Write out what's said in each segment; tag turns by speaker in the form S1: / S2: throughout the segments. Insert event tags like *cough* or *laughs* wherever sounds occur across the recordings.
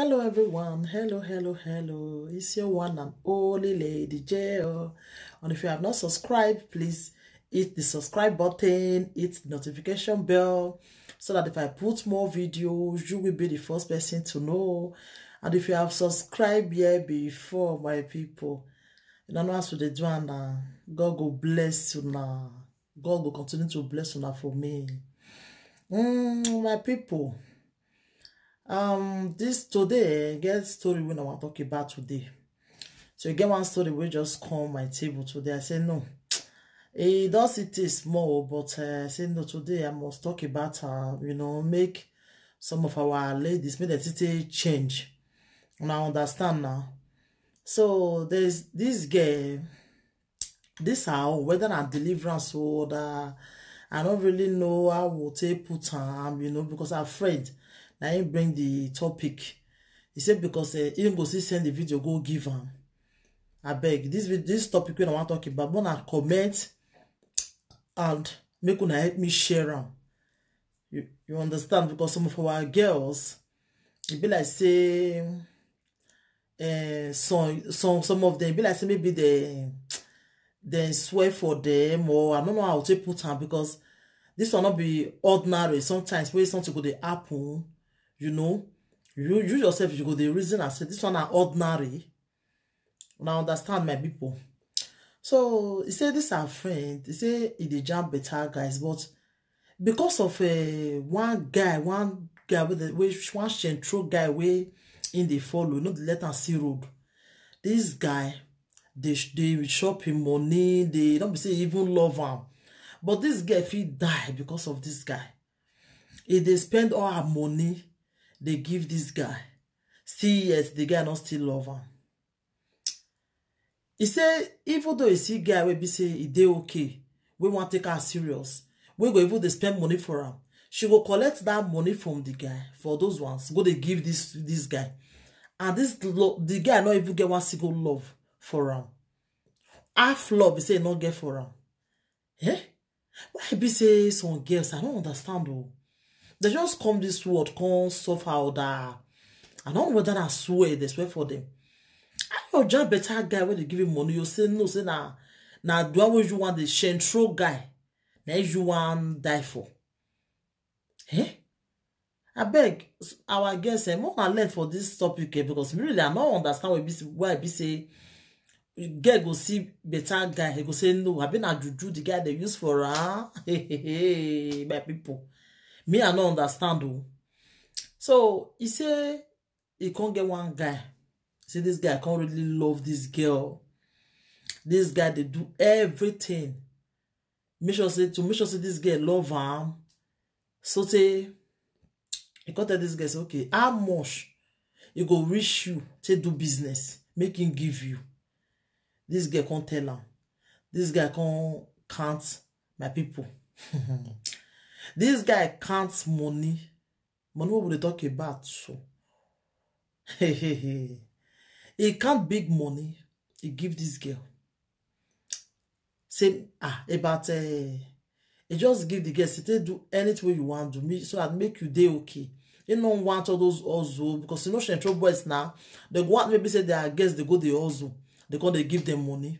S1: Hello, everyone. Hello, hello, hello. It's your one and only Lady J.O. Oh. And if you have not subscribed, please hit the subscribe button, hit the notification bell, so that if I put more videos, you will be the first person to know. And if you have subscribed here before, my people, you don't know how to do it now. God will bless you now. God will continue to bless you now for me. Mm, my people um this today get story wey i wan talk about today so e get one story we just come my table today i say no it does. It is small but uh, i say no today i must talk about you know make some of our ladies make the city change and i understand now so there's this girl this how whether na deliverance or other i don't really know how we'll take put am you know because I'm afraid na him bring the topic he say because uh, him go still send the video go give am abeg this this topic wey i wan talk about una comment and make una help me share am you you understand because some of our girls e be like say uh, some some some of them e be like say maybe they they swear for them or i no know how to put am because this one no be ordinary sometimes wey something go dey happen you know you you yourself you go dey reason and say this one na ordinary una understand my people so he say this our friend he say he dey jam better guys but because of uh, one guy one guy wey dey wey one shentro guy wey him dey follow no dey let am see road this guy dey dey chop him money dey no be say even love am but this girl fit die because of this guy He dey spend all her money They give this guy See, yes, the guy no still love am He say even though e see guy wey be say e dey okay wey wan take her serious We go even they spend money for am she go collect that money from the guy for those ones go they give this this guy and this the guy not even get one single love for am half love he say not get for am eh why be say some girls i don't understand o They just come this world, come somehow that I don't know whether I swear, they swear for them. I your job better guy when they give him money, you say no, say na na do what you want the central guy. Na you want die for. Eh? I beg our guests and eh, more and learn for this topic eh, because really I don't understand why why be say girl go see better guy, he eh, go say no, I been a juju the guy they use for her. *laughs* Hey, hey, hey, my people me i no understand o so he say he come get one guy say this guy come really love this girl This guy dey do everything make sure say to make sure say this girl love am so say he come tell dis girl say okay how much e go reach you take do business make him give you This girl come tell am This guy come count my people *laughs* This guy counts money. Money we they talk about so. Hey, hey, hey. He count big money. He give this girl. Say ah about uh, he just give the girl. Say they do anything you want to me so that make you day okay. You don't want all those also because you know she trouble boys now. They go out maybe say they are guests they go the also. They come they give them money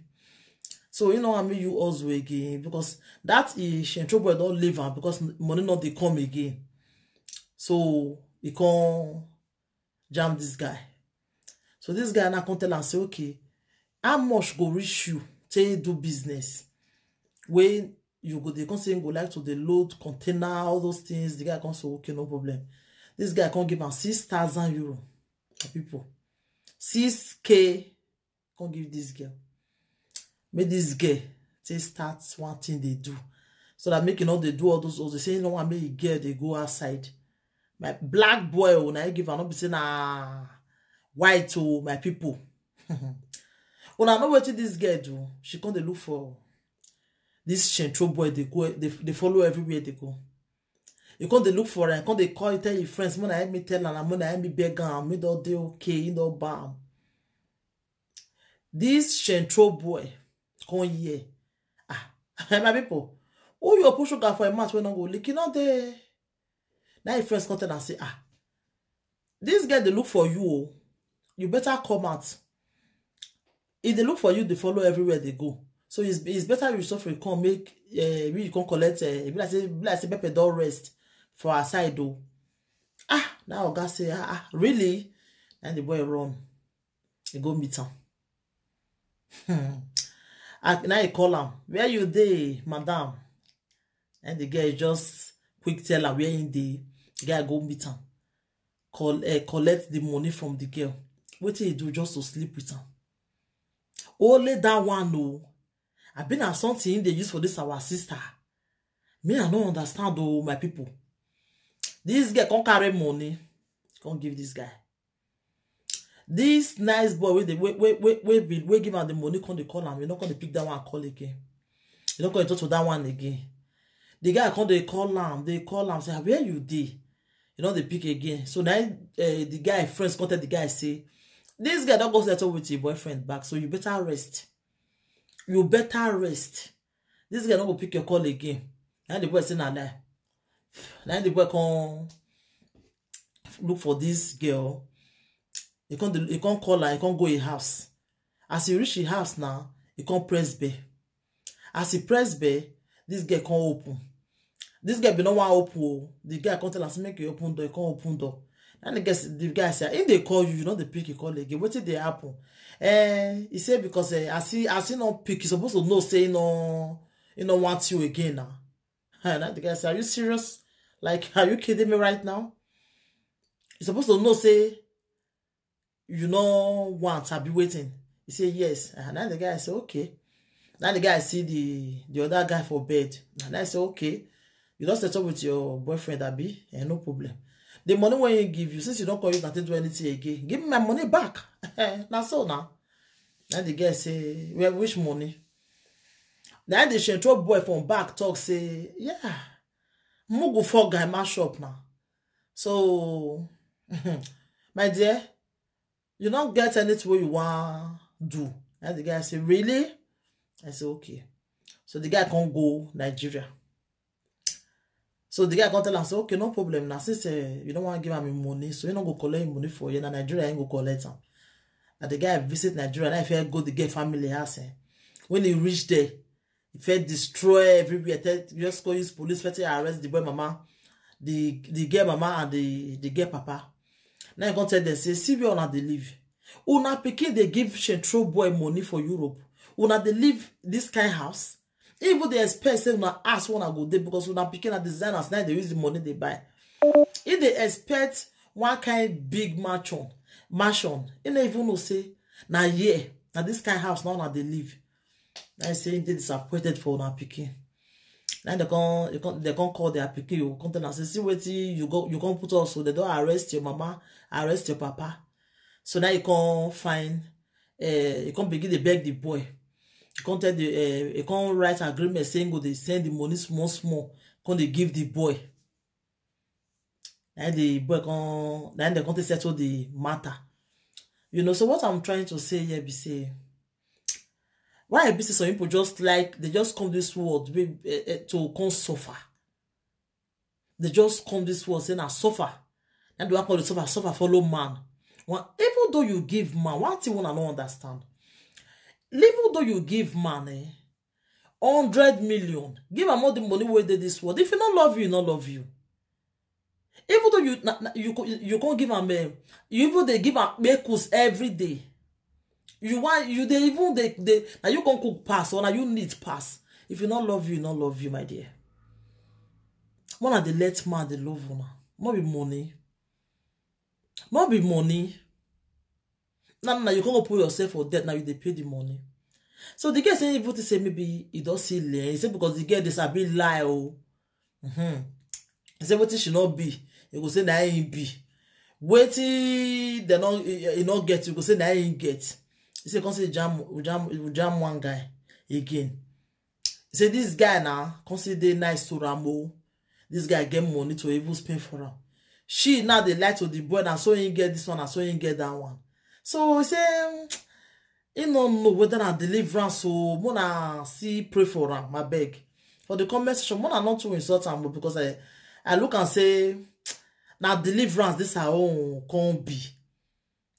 S1: so you know I mean you also again because that is trouble don't leave am because money not they come again so e can jam this guy so this guy now con tell am say okay how much go reach you take do business when you go They can say go like to the load container all those things the guy come say okay no problem this guy come give am six thousand euro people six k come give this girl make dis girl take start one thing they do so that make e no dey do all those old say e no want make a girl they go outside my black boy when oh, I give am no be na white o oh, my people, when *laughs* I know what dis girl do she come dey look for This chintro boy they go they they follow everywhere they go you come dey look for am come dey call you tell your friends mona help me tell am mona help me beg am make don dey okay e no bam dis chintro boy come here ah *laughs* my people. who you push sugar for a match when I go leak e there. dey now e first content and say ah this girl they look for you oh. you better come out if they look for you they follow everywhere they go so it's it's better you suffer come make uh, eh, we come collect uh, be like say be like say pepper don rest for our side o oh. ah now oga say ah ah really na the boy run He go meet am *laughs* hmm. Now e call am where you dey madam and the girl just quick tell am where im dey the guy go meet am eh, collect the money from the girl wetin he do just to sleep with am only that one o oh. i been na something im dey use for this our sister me i no understand o oh, my people. This girl come carry money come give this guy This nice boy wey give am the money come dey call am e no come dey pick that one call again e no come dey talk to that one again the guy come dey call am dey call am say ah, where you dey e no dey pick again so na eh, the guy friends come tell the guy say this guy don go settle with your boyfriend back so you better rest you better rest This guy no go pick your call again na the boy say na na. na the boy come look for this girl e come call her. e come go e house as e reach e house now e come press bell as e press bell dis girl come open dis girl bin no wan open o di guy come tell am say make e open door e come open door na the guy the guy say if dey call you you no dey pick e call again wetin dey happen eh e say because eh, as he as he no pick he suppose to know say he no he no want you again na ah. na the guy say are you serious like are you kidding me right now He suppose to know say you no want i be waiting he say yes and uh-huh. then the guy say okay now the guy see the the other guy for bed and uh-huh. i say okay you don up with your boyfriend abi eh no problem the money wey he give you since you don call you nothing do anything again give me my money back *laughs* eh, na so na now the guy say well which money Now the shentrol boy from back talk say yeah mugu for guy mash up na so *laughs* my dear you don't get anything wey you wan do and the guy say really i say okay so the guy come go nigeria so the guy come tell am say okay no problem na since uh, you no wan give am im money so you no go collect im money for here na nigeria im go collect am na the guy visit nigeria na e fit go the girl family house eh when he reach there he fit destroy everywhere tell just go use police fetch arrest the boy mama the the girl mama and the the girl papa na him come tell them say see where una dey live una pikin they give shetro boy money for europe una they live dis kain house even they expect say una ask una go dey because una pikin na designers Now they use the money they buy If they expect one kain big mansion mansion e no even know say na here na dis kain house na they live Now say e dey disappointed for una pikin now they con call their pikin you come tell am say see wetin you come put also. They don't arrest your mama arrest your papa so now you can find uh, you can begin to beg the boy you can tell the, uh, you can write agreement saying go dey send the money small small con they give the boy na the boy can then they con settle the matter you know so what i'm trying to say here be say why e be say some people just like they just come this world wey uh, eh, eh, to come suffer they just come this world say na suffer na the one call the suffer suffer follow man Well, even though you give man one thing una no understand even though you give man eh, hundred million give am all the money wey dey this world if he no love you he no love you even though you na, na, you you come give am eh, you even dey give am kpekus every day you want you dey even dey dey na you come cook pass or na you need pass if you no love you you no love you my dear more na the let man dey love una More be money More be money na na you come go put yourself for debt na you dey pay the money so the girl say even think say maybe e don see lear he say because the girl dey sabi lie o oh. mm -hmm. he say wetin she no be he go say na him be wetin dem no e no get you go say na him get he say come say jam jam jam one guy again he say this guy na come say dey nice to am o this guy get money to even spend for am she now dey lie to the boy na so he get this one na so he get that one so he say hmm, he no know whether na deliverance o mo na see pray for am abeg for the conversation. section mo na no too insult am o because i i look am say hmm, na deliverance this her own come be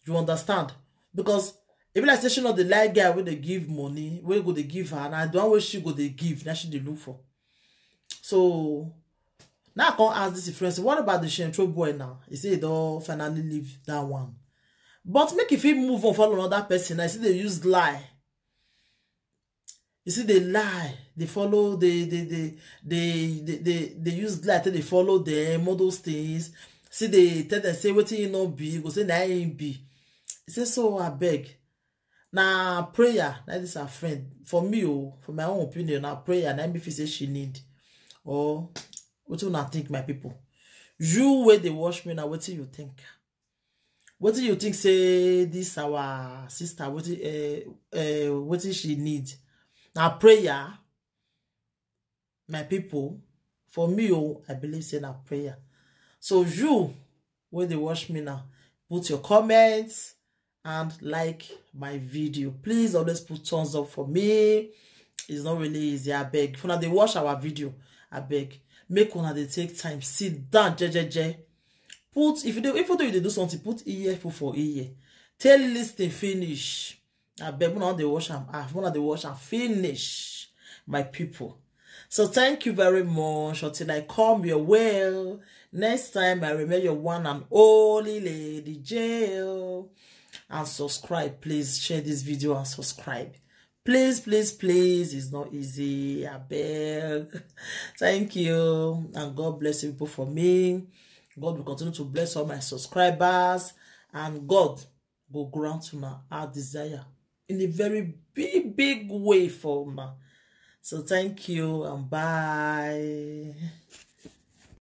S1: you understand because e be like say she no dey like guy wey dey give money wey go dey give her na the one wey she go dey give na she dey look for so now i come ask this friend say what about the shentro boy now e say e don finally leave that one but make e fit move on follow another person na e still dey use lie e still dey lie dey follow dey dey dey dey use lie take dey follow dem all those things still dey tell dem say wetin e no be go say na he be He say so abeg na prayer na this her friend for me o oh, for my own opinion na prayer na me feel say she need or wetin una think my people you wey dey watch me na wetin you think wetin you think say this our sister wetin uh, uh, wetin she need na prayer my people for me o oh, i believe say na prayer so you wey dey watch me now put your comments and like my video please always put thumbs up for me it's not really easy abeg if una they watch our video I beg. make una they take time sit down jejeje put if you dey even though you do something put earphone for ear tell lis ten finish abeg una they watch them. half una dey watch am finish my people so thank you very much until i come your well next time i remember your one and only lady jail and subscribe please share this video and subscribe please please please it's not easy I beg *laughs* thank you and God bless you people for me God will continue to bless all my subscribers and God will grant my heart desire in a very big big way for my so thank you and bye